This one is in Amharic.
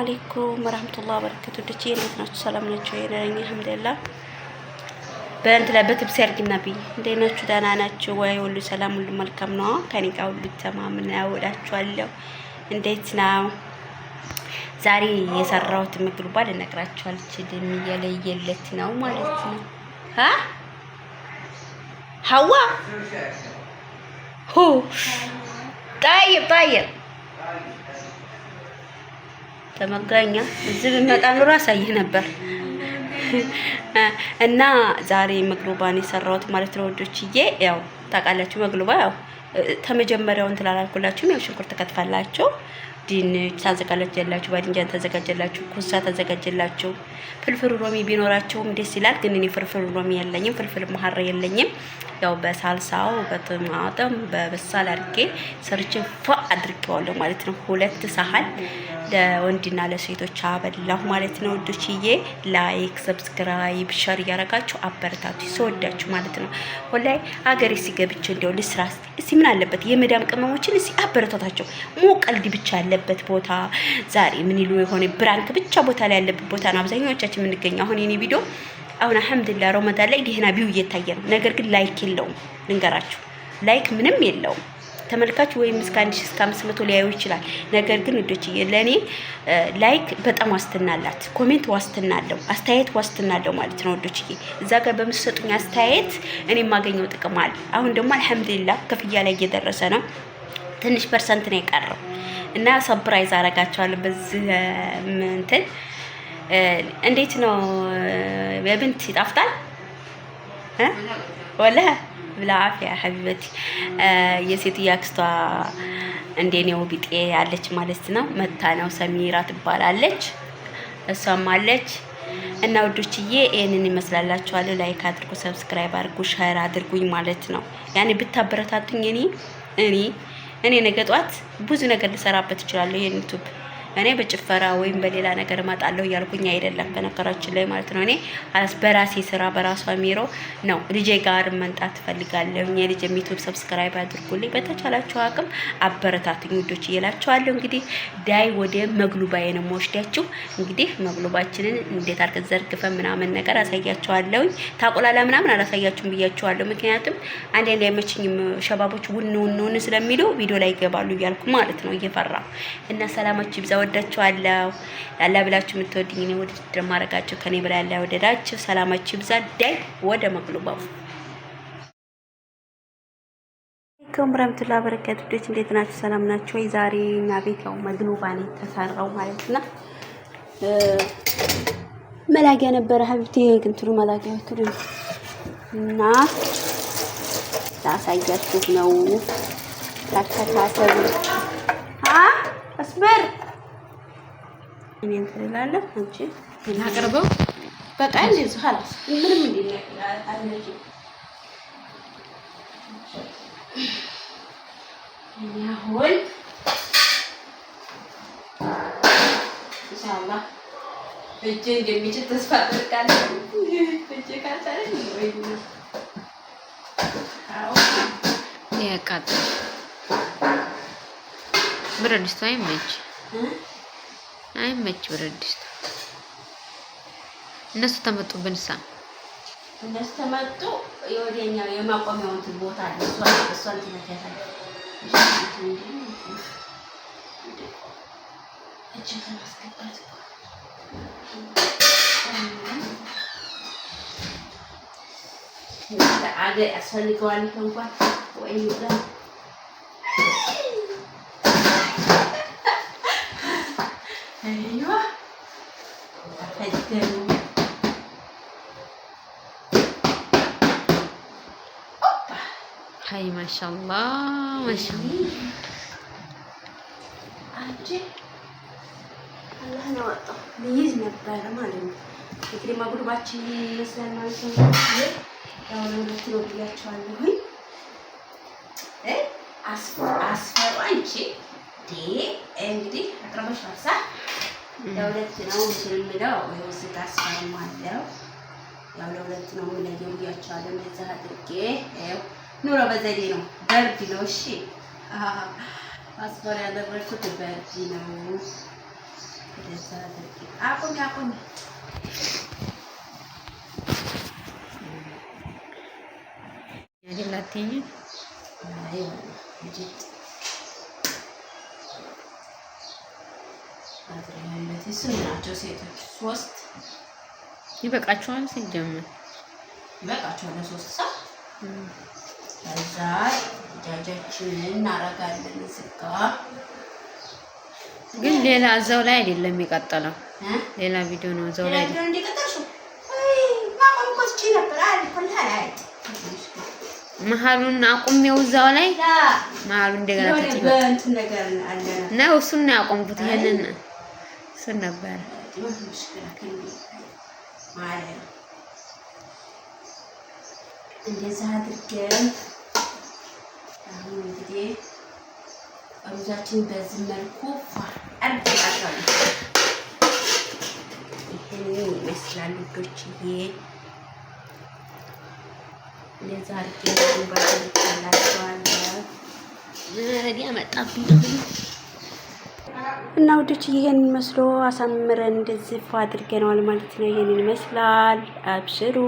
አሌይኩም ወራህመቱላሂ ወበረካቱ። ልጅ እንዴት ናችሁ? ሰላም ናችሁ? የነኝ አልሐምዱሊላህ። በእንት ላይ በትብስ ያርግና እንዴት ናችሁ? ደህና ናችሁ ወይ? ሁሉ ሰላም፣ ሁሉ መልካም ነው? ከኔ ጋር ሁሉ ተማምን ያወዳችኋለሁ። እንዴት ነው? ዛሬ የሰራሁት ምግብ ባል ልነግራችሁ አልችልም። እየለየለት ነው ማለት ነው። ሀ ሀዋ ሁ ጠይብ ጠይብ ተመጋኛ እዚህ ብመጣ ኑሮ አሳይህ ነበር። እና ዛሬ መግሎባን የሰራሁት ማለት ነው ወዶችዬ። ያው ታውቃላችሁ መግሎባ ያው ተመጀመሪያውን ትላላልኩላችሁም ያው ሽንኩርት ተከትፋላችሁ፣ ድንች ታዘጋጀላችሁ፣ ባድንጃን ተዘጋጀላችሁ፣ ኩሳ ተዘጋጀላችሁ። ፍልፍል ሮሚ ቢኖራችሁም ደስ ይላል፣ ግን እኔ ፍልፍል ሮሚ የለኝም፣ ፍልፍል መሀር የለኝም። ያው በሳልሳው በጥማጥም በበሳል አድርጌ ሰርቼ ፎ አድርጌዋለሁ ማለት ነው ሁለት ሳህን ለወንድና ለሴቶች አበላሁ ማለት ነው። ውዶችዬ ላይክ፣ ሰብስክራይብ፣ ሸር እያረጋችሁ አበረታቱ ሰወዳችሁ ማለት ነው። ወላይ አገሬ ሲገብቼ እንዲያው ልስራ እስቲ ምን አለበት የመዳም ቅመሞችን እስቲ አበረታታቸው። ሞቀልድ ብቻ ያለበት ቦታ ዛሬ ምን ይሉ የሆነ ብራንክ ብቻ ቦታ ላይ ያለበት ቦታ ነው አብዛኛዎቻችን የምንገኘው። አሁን የኔ ቪዲዮ አሁን አልሐምዱሊላህ ረመዳን ላይ ደህና ቢው እየታየ ነው። ነገር ግን ላይክ የለውም ልንገራችሁ፣ ላይክ ምንም የለውም። ተመልካች ወይም እስከ 1000 እስከ 500 ሊያዩ ይችላል። ነገር ግን ውዶች ለኔ ላይክ በጣም ዋስትና ኮሜንት ዋስትና አስተያየት ዋስትና አለው ማለት ነው ውዶች። እዛ ጋር በምትሰጡኝ አስተያየት እኔ የማገኘው ጥቅም አለ። አሁን ደግሞ አልሐምዱሊላህ ክፍያ ላይ እየደረሰ ነው። ትንሽ ፐርሰንት ነው የቀረው እና ሰብራይዝ አረጋቸዋለሁ በዚህ እንትን እንዴት ነው የብንት ይጣፍጣል ወላ ብላፍ ያ ሀቢበቲ የሴትዮ አክስቷ እንደኔው ቢጤ ያለች ማለት ነው። መታ ነው ሰሚራ ትባላለች። እሷም አለች እና ውዶችዬ ይሄንን ይመስላላችኋለሁ። ላይክ አድርጉ፣ ሰብስክራይብ አድርጉ፣ ሼር አድርጉኝ ማለት ነው። ያኔ ብታበረታቱኝ እኔ እኔ እኔ ነገ ጧት ብዙ ነገር ልሰራበት እችላለሁ ይሄን ዩቲዩብ እኔ በጭፈራ ወይም በሌላ ነገር እመጣለሁ እያልኩኝ አይደለም፣ በነገራችን ላይ ማለት ነው። እኔ በራሴ ስራ በራሷ ሚሮ ነው ልጄ ጋር መምጣት እፈልጋለሁ። የልጅ ዩቱብ ሰብስክራይብ አድርጉልኝ፣ በተቻላችሁ አቅም አበረታቱኝ ውዶች እየላችኋለሁ። እንግዲህ ዳይ ወደ መግሉባዬ ነው የምወስዳችሁ። እንግዲህ መግሉባችንን እንዴት አድርገን ዘርግፈን ምናምን ነገር አሳያችኋለሁኝ። ታቆላላ ምናምን አላሳያችሁም ብያችኋለሁ። ምክንያቱም አንዳንድ አይመችኝም ሸባቦች ውን ውንውንውን ስለሚሉ ቪዲዮ ላይ ይገባሉ እያልኩ ማለት ነው እየፈራ እና ሰላማችሁ ይብዛ። እወዳችኋለሁ። ያላ ብላችሁ የምትወድኝ እኔ ውድድር ማድረጋችሁ ከኔ በላይ ያለ ወደዳችሁ። ሰላማችሁ ይብዛ። ዳይ ወደ መቅሉባው አለይኩም ረምቱላ በረከቱ ልጆች እንዴት ናችሁ? ሰላም ናችሁ ወይ? ዛሬ እኛ ቤት ያው መግሉባ ነው የተሰራው ማለት ነው። መላጊያ ነበረ ሀብቴ እንትኑ መላጊያ እንትኑ እና ላሳያችሁ ነው ታካታሰቡ እኔ እንትን እላለሁ እንጂ እናቅርበው በቃ እንደዚሁ ሀላስ ምንም አሁን እጄ እንደሚችል ተስፋ እጄ ወይ ያቃጥል አይመች ብረት ድስት እነሱ ተመጡ ሳ እነሱ ተመጡ። የወደኛ የማቆሚያው እንትን ቦታ አለ። እሷን እሷን ትነካታል። አገ ያስፈልገዋል እንኳን ወይ ይላል አይ ማሻአላ ማሻአላ አንቺ አላህ ነው ወጣው ልይዝ ነበረ ነው። እንግዲህ ማጉልባችን ለሁለት ነው የምለው ይኸው ስጋ አስፈርም ያው ለሁለት ነው የምለው ብያቸዋለሁ። እንደዛ አድርጌ ኑሮ በዘዴ ነው። በርድ ነው። እሺ ፓስፖርት ያደረኩት በርዲ ነው። አቁሚ አቁሚ። ናቸው ሴቶች ሶስት ይበቃቸዋል። ሲጀምር ይበቃቸዋል ለሶስት ሰዓት ከዛ እጃጃችንን እናረጋለን። ዝጋ ግን ሌላ እዛው ላይ አይደለም የሚቀጥለው፣ ሌላ ቪዲዮ ነው። እዛው ላይ መሀሉን አቁሜው እዛው ላይ መሀሉ እንደገና ነው። እሱን ነው ያቆምኩት። ይሄንን እሱን ነበረ እንደዛ አድርገን ሩዛችን በዚህ መልኩ አድርጋቸዋለሁ። ይህንን ይመስላል ልጆችዬ። ለዛሬ እና ውዶች ይሄን መስሎ አሳምረን እንደዚህ አድርገነዋል ማለት ነው። ይሄንን ይመስላል። አብሽሩ